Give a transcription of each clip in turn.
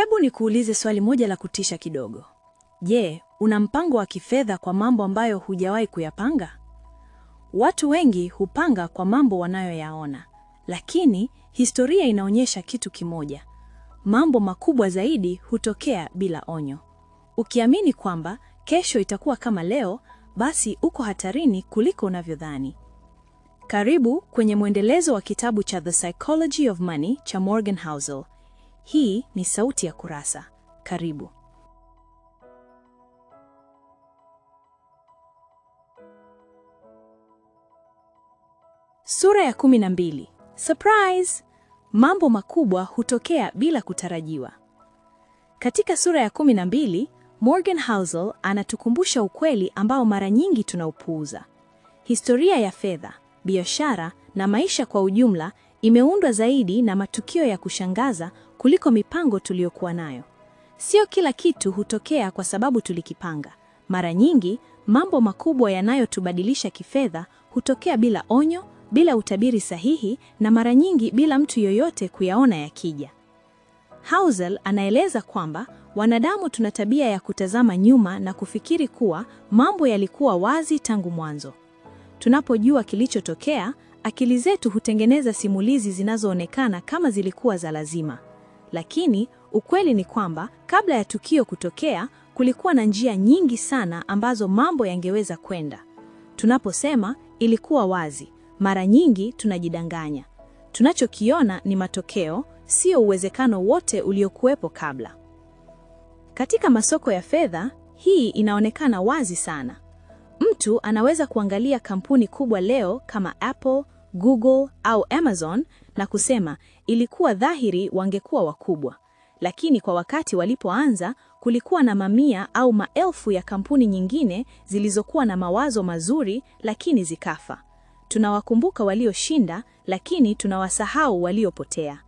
Hebu nikuulize swali moja la kutisha kidogo. Je, una mpango wa kifedha kwa mambo ambayo hujawahi kuyapanga? Watu wengi hupanga kwa mambo wanayoyaona, lakini historia inaonyesha kitu kimoja: mambo makubwa zaidi hutokea bila onyo. Ukiamini kwamba kesho itakuwa kama leo, basi uko hatarini kuliko unavyodhani. Karibu kwenye mwendelezo wa kitabu cha The Psychology of Money cha Morgan Housel. Hii ni Sauti ya Kurasa. Karibu. Sura ya 12. Surprise! Mambo makubwa hutokea bila kutarajiwa. Katika sura ya 12, Morgan Housel anatukumbusha ukweli ambao mara nyingi tunaupuuza. Historia ya fedha, biashara na maisha kwa ujumla imeundwa zaidi na matukio ya kushangaza kuliko mipango tuliyokuwa nayo. Sio kila kitu hutokea kwa sababu tulikipanga. Mara nyingi mambo makubwa yanayotubadilisha kifedha hutokea bila onyo, bila utabiri sahihi, na mara nyingi bila mtu yoyote kuyaona yakija. Housel anaeleza kwamba wanadamu tuna tabia ya kutazama nyuma na kufikiri kuwa mambo yalikuwa wazi tangu mwanzo. Tunapojua kilichotokea, akili zetu hutengeneza simulizi zinazoonekana kama zilikuwa za lazima. Lakini ukweli ni kwamba kabla ya tukio kutokea, kulikuwa na njia nyingi sana ambazo mambo yangeweza kwenda. Tunaposema ilikuwa wazi, mara nyingi tunajidanganya. Tunachokiona ni matokeo, sio uwezekano wote uliokuwepo kabla. Katika masoko ya fedha, hii inaonekana wazi sana. Mtu anaweza kuangalia kampuni kubwa leo kama Apple Google au Amazon na kusema ilikuwa dhahiri wangekuwa wakubwa, lakini kwa wakati walipoanza kulikuwa na mamia au maelfu ya kampuni nyingine zilizokuwa na mawazo mazuri lakini zikafa. Tunawakumbuka walioshinda, lakini tunawasahau waliopotea.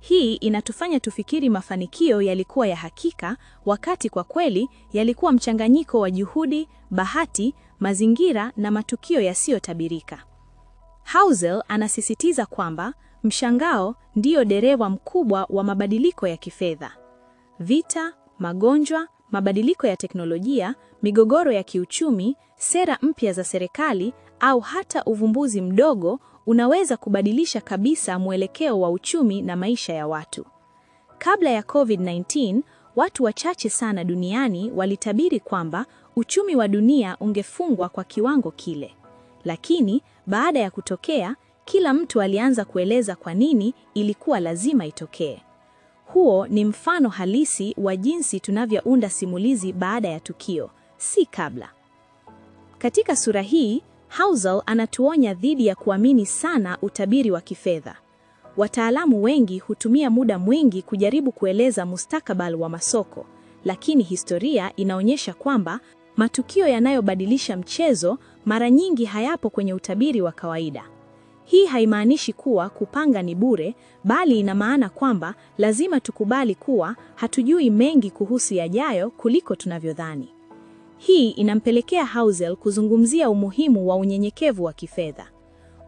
Hii inatufanya tufikiri mafanikio yalikuwa ya hakika, wakati kwa kweli yalikuwa mchanganyiko wa juhudi, bahati, mazingira na matukio yasiyotabirika. Housel anasisitiza kwamba mshangao ndiyo dereva mkubwa wa mabadiliko ya kifedha. Vita, magonjwa, mabadiliko ya teknolojia, migogoro ya kiuchumi, sera mpya za serikali au hata uvumbuzi mdogo unaweza kubadilisha kabisa mwelekeo wa uchumi na maisha ya watu. Kabla ya COVID-19, watu wachache sana duniani walitabiri kwamba uchumi wa dunia ungefungwa kwa kiwango kile. Lakini baada ya kutokea, kila mtu alianza kueleza kwa nini ilikuwa lazima itokee. Huo ni mfano halisi wa jinsi tunavyounda simulizi baada ya tukio, si kabla. Katika sura hii, Housel anatuonya dhidi ya kuamini sana utabiri wa kifedha. Wataalamu wengi hutumia muda mwingi kujaribu kueleza mustakabali wa masoko, lakini historia inaonyesha kwamba Matukio yanayobadilisha mchezo mara nyingi hayapo kwenye utabiri wa kawaida. Hii haimaanishi kuwa kupanga ni bure, bali ina maana kwamba lazima tukubali kuwa hatujui mengi kuhusu yajayo kuliko tunavyodhani. Hii inampelekea Housel kuzungumzia umuhimu wa unyenyekevu wa kifedha.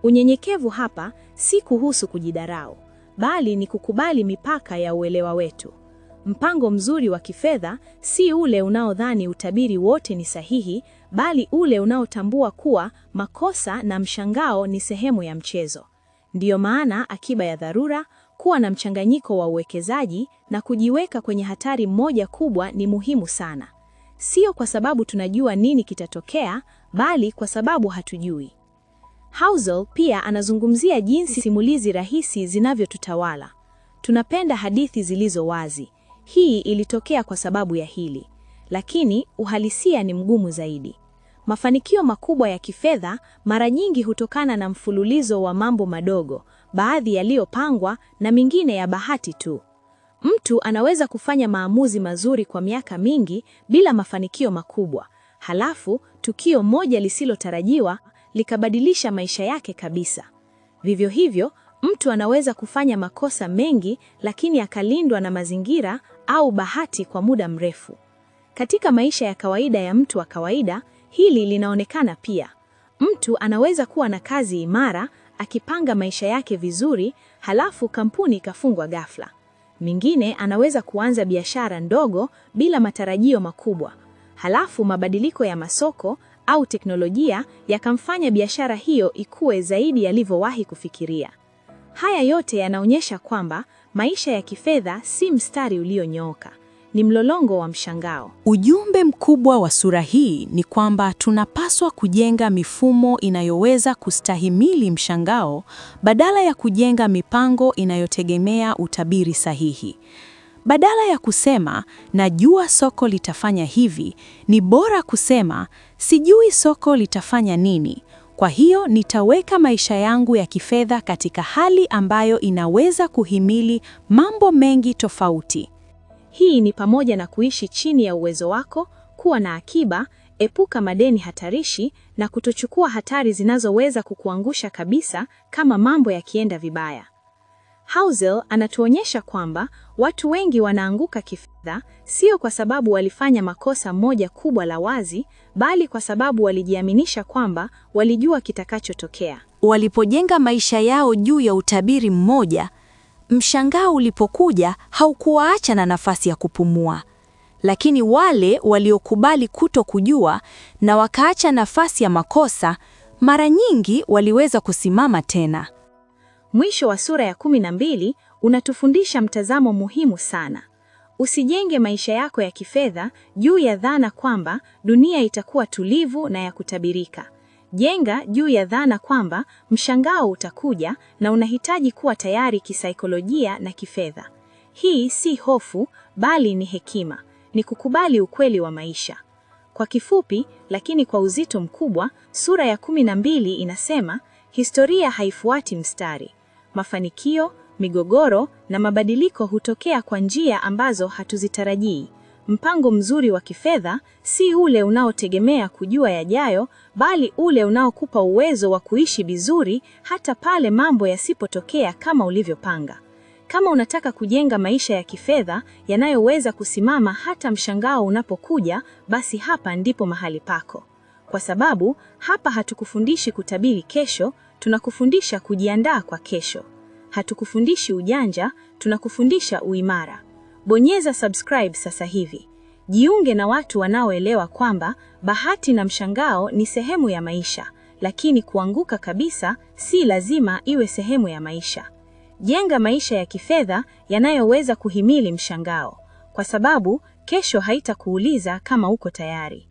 Unyenyekevu hapa si kuhusu kujidarau, bali ni kukubali mipaka ya uelewa wetu. Mpango mzuri wa kifedha si ule unaodhani utabiri wote ni sahihi, bali ule unaotambua kuwa makosa na mshangao ni sehemu ya mchezo. Ndiyo maana akiba ya dharura, kuwa na mchanganyiko wa uwekezaji na kujiweka kwenye hatari moja kubwa ni muhimu sana. Sio kwa sababu tunajua nini kitatokea, bali kwa sababu hatujui. Housel pia anazungumzia jinsi simulizi rahisi zinavyotutawala. Tunapenda hadithi zilizo wazi, hii ilitokea kwa sababu ya hili, lakini uhalisia ni mgumu zaidi. Mafanikio makubwa ya kifedha mara nyingi hutokana na mfululizo wa mambo madogo, baadhi yaliyopangwa na mingine ya bahati tu. Mtu anaweza kufanya maamuzi mazuri kwa miaka mingi bila mafanikio makubwa, halafu tukio moja lisilotarajiwa likabadilisha maisha yake kabisa. Vivyo hivyo, mtu anaweza kufanya makosa mengi lakini akalindwa na mazingira au bahati kwa muda mrefu. Katika maisha ya kawaida ya mtu wa kawaida, hili linaonekana pia. Mtu anaweza kuwa na kazi imara akipanga maisha yake vizuri, halafu kampuni ikafungwa ghafla. Mingine anaweza kuanza biashara ndogo bila matarajio makubwa, halafu mabadiliko ya masoko au teknolojia yakamfanya biashara hiyo ikue zaidi yalivyowahi kufikiria. Haya yote yanaonyesha kwamba maisha ya kifedha si mstari ulionyooka, ni mlolongo wa mshangao. Ujumbe mkubwa wa sura hii ni kwamba tunapaswa kujenga mifumo inayoweza kustahimili mshangao badala ya kujenga mipango inayotegemea utabiri sahihi. Badala ya kusema najua soko litafanya hivi, ni bora kusema sijui soko litafanya nini, kwa hiyo nitaweka maisha yangu ya kifedha katika hali ambayo inaweza kuhimili mambo mengi tofauti. Hii ni pamoja na kuishi chini ya uwezo wako, kuwa na akiba, epuka madeni hatarishi na kutochukua hatari zinazoweza kukuangusha kabisa kama mambo yakienda vibaya. Housel anatuonyesha kwamba watu wengi wanaanguka kifedha sio kwa sababu walifanya makosa moja kubwa la wazi, bali kwa sababu walijiaminisha kwamba walijua kitakachotokea. Walipojenga maisha yao juu ya utabiri mmoja, mshangao ulipokuja haukuwaacha na nafasi ya kupumua. Lakini wale waliokubali kuto kujua na wakaacha nafasi ya makosa, mara nyingi waliweza kusimama tena. Mwisho wa sura ya kumi na mbili unatufundisha mtazamo muhimu sana. Usijenge maisha yako ya kifedha juu ya dhana kwamba dunia itakuwa tulivu na ya kutabirika. Jenga juu ya dhana kwamba mshangao utakuja na unahitaji kuwa tayari kisaikolojia na kifedha. Hii si hofu bali ni hekima, ni kukubali ukweli wa maisha. Kwa kifupi lakini kwa uzito mkubwa, sura ya kumi na mbili inasema historia haifuati mstari. Mafanikio, migogoro na mabadiliko hutokea kwa njia ambazo hatuzitarajii. Mpango mzuri wa kifedha si ule unaotegemea kujua yajayo, bali ule unaokupa uwezo wa kuishi vizuri hata pale mambo yasipotokea kama ulivyopanga. Kama unataka kujenga maisha ya kifedha yanayoweza kusimama hata mshangao unapokuja, basi hapa ndipo mahali pako. Kwa sababu hapa hatukufundishi kutabiri kesho, tunakufundisha kujiandaa kwa kesho. Hatukufundishi ujanja, tunakufundisha uimara. Bonyeza subscribe sasa hivi. Jiunge na watu wanaoelewa kwamba bahati na mshangao ni sehemu ya maisha, lakini kuanguka kabisa si lazima iwe sehemu ya maisha. Jenga maisha ya kifedha yanayoweza kuhimili mshangao, kwa sababu kesho haitakuuliza kama uko tayari.